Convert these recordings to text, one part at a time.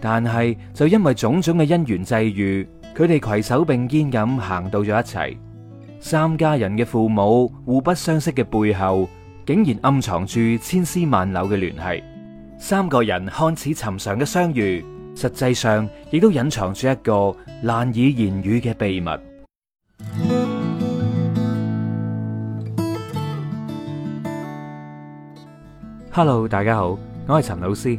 但係就因為種種嘅因緣際遇，佢哋攜手並肩咁行到咗一齊。三家人嘅父母互不相識嘅背後，竟然暗藏住千絲萬縷嘅聯繫。三個人看似尋常嘅相遇，實際上亦都隱藏住一個難以言語嘅秘密。 Hello，大家好，我係陳老 C。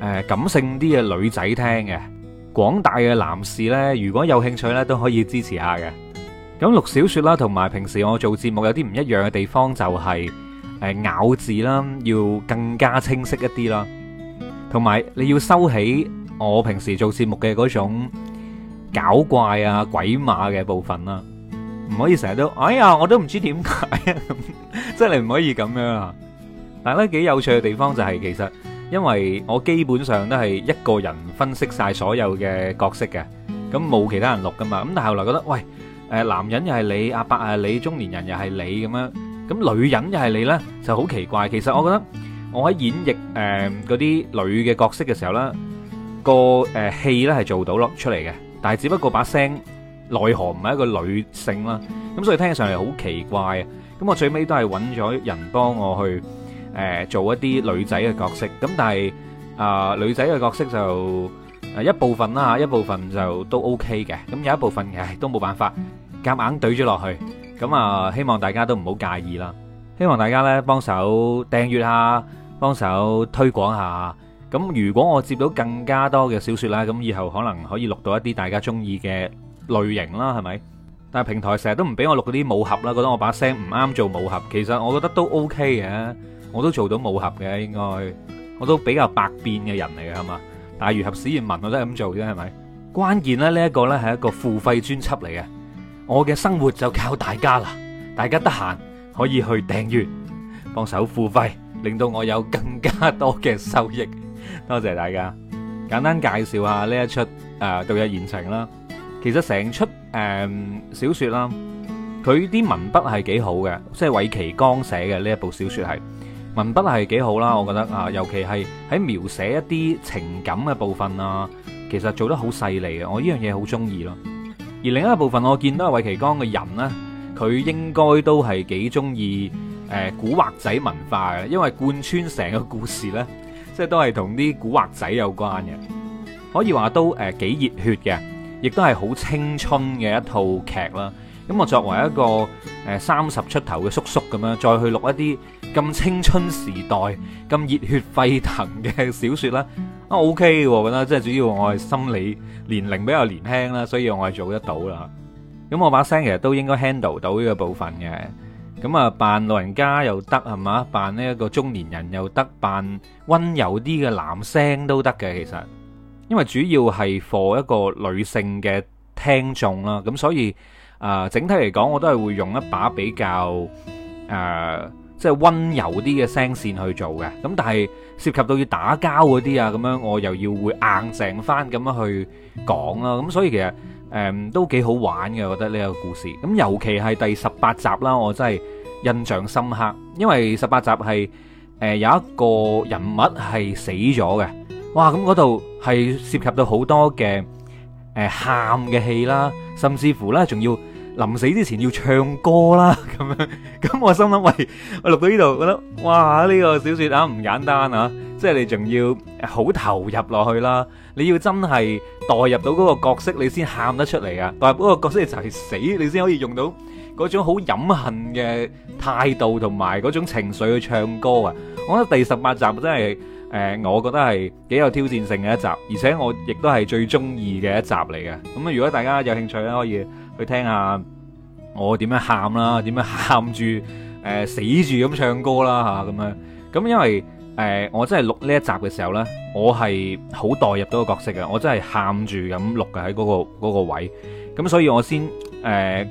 誒，感性啲嘅女仔聽嘅，廣大嘅男士咧，如果有興趣咧，都可以支持下嘅。咁錄小說啦，同埋平時我做節目有啲唔一樣嘅地方，就係誒咬字啦，要更加清晰一啲啦。同埋你要收起我平時做節目嘅嗰種搞怪啊、鬼馬嘅部分啦，唔可以成日都，哎呀，我都唔知點解，即係你唔可以咁樣啊。但係咧，幾有趣嘅地方就係其實。因為我基本上都係一個人分析曬所有嘅角色嘅，咁冇其他人錄噶嘛。咁但係後來覺得，喂，誒男人又係你，阿伯啊你，中年人又係你咁樣，咁女人又係你咧，就好奇怪。其實我覺得我喺演繹誒嗰啲女嘅角色嘅時候咧，個誒戲咧係做到咯出嚟嘅，但係只不過把聲內涵唔係一個女性啦，咁所以聽起上嚟好奇怪。咁我最尾都係揾咗人幫我去。誒做一啲女仔嘅角色，咁但係啊女仔嘅角色就誒一部分啦嚇，一部分就都 O K 嘅，咁有一部分嘅都冇辦法夾硬對咗落去，咁啊希望大家都唔好介意啦，希望大家呢幫手訂閲下，幫手推廣下，咁如果我接到更加多嘅小説啦，咁以後可能可以錄到一啲大家中意嘅類型啦，係咪？但係平台成日都唔俾我錄嗰啲武俠啦，覺得我把聲唔啱做武俠，其實我覺得都 O K 嘅。我都做到武俠嘅，應該我都比較百變嘅人嚟嘅係嘛？但係如俠史艷文我都係咁做啫，係咪？關鍵咧呢一個咧係一個付費專輯嚟嘅，我嘅生活就靠大家啦。大家得閒可以去訂閱，幫手付費，令到我有更加多嘅收益。多謝大家，簡單介紹下呢一出誒《毒日燃情》啦。其實成出誒小說啦，佢啲文筆係幾好嘅，即係韋奇剛寫嘅呢一部小說係。文筆係幾好啦，我覺得啊，尤其係喺描寫一啲情感嘅部分啊，其實做得好細膩嘅，我呢樣嘢好中意咯。而另一個部分，我見到阿魏其剛嘅人呢，佢應該都係幾中意誒古惑仔文化嘅，因為貫穿成個故事呢，即係都係同啲古惑仔有關嘅，可以話都誒幾熱血嘅，亦都係好青春嘅一套劇啦。咁我作為一個誒三十出頭嘅叔叔咁樣，再去錄一啲，咁青春時代咁熱血沸騰嘅小說啦，啊 OK 嘅，我覺得即係主要我係心理年齡比較年輕啦，所以我係做得到啦。咁我把聲其實都應該 handle 到呢個部分嘅。咁啊，扮老人家又得係嘛，扮呢一個中年人又得，扮溫柔啲嘅男聲都得嘅。其實因為主要係 for 一個女性嘅聽眾啦，咁所以啊，整體嚟講，我都係會用一把比較誒。即係溫柔啲嘅聲線去做嘅，咁但係涉及到要打交嗰啲啊，咁樣我又要會硬淨翻咁樣去講啦，咁所以其實誒都幾好玩嘅。我覺得呢個故事，咁尤其係第十八集啦，我真係印象深刻，因為十八集係誒有一個人物係死咗嘅。哇，咁嗰度係涉及到好多嘅誒喊嘅戲啦，甚至乎呢仲要。臨死之前要唱歌啦，咁樣咁我心諗，喂，我錄到呢度，我覺得哇，呢個小說啊唔簡單啊，即係你仲要好投入落去啦，你要真係代入到嗰個角色，你先喊得出嚟啊！代入嗰個角色，你就係死，你先可以用到嗰種好飲恨嘅態度同埋嗰種情緒去唱歌啊！我覺得第十八集真係，誒，我覺得係幾有挑戰性嘅一集，而且我亦都係最中意嘅一集嚟嘅。咁啊，如果大家有興趣咧，可以。去聽下我點樣喊啦，點樣喊住誒死住咁唱歌啦吓咁樣。咁因為誒我真係錄呢一集嘅時候呢，我係好代入到個角色嘅，我真係喊住咁錄嘅喺嗰個嗰個位。咁所以我先誒，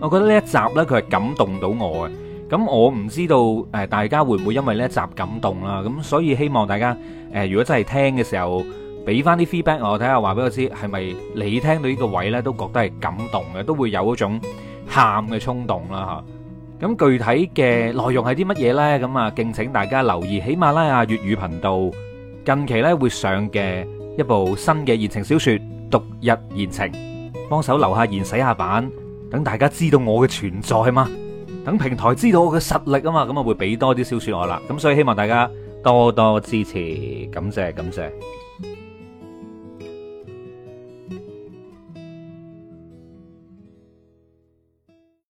我覺得呢一集呢佢係感動到我嘅。咁我唔知道誒大家會唔會因為呢一集感動啦。咁所以希望大家誒，如果真係聽嘅時候，俾翻啲 feedback 我睇下，話俾我知係咪你聽到呢個位呢，都覺得係感動嘅，都會有嗰種喊嘅衝動啦吓。咁具體嘅內容係啲乜嘢呢？咁啊，敬請大家留意喜馬拉雅粵語頻道近期呢，會上嘅一部新嘅言情小說《毒日燃情》，幫手留下言，洗下版，等大家知道我嘅存在嘛。等平台知道我嘅實力啊嘛，咁啊會俾多啲小說我啦。咁所以希望大家多多支持，感謝感謝。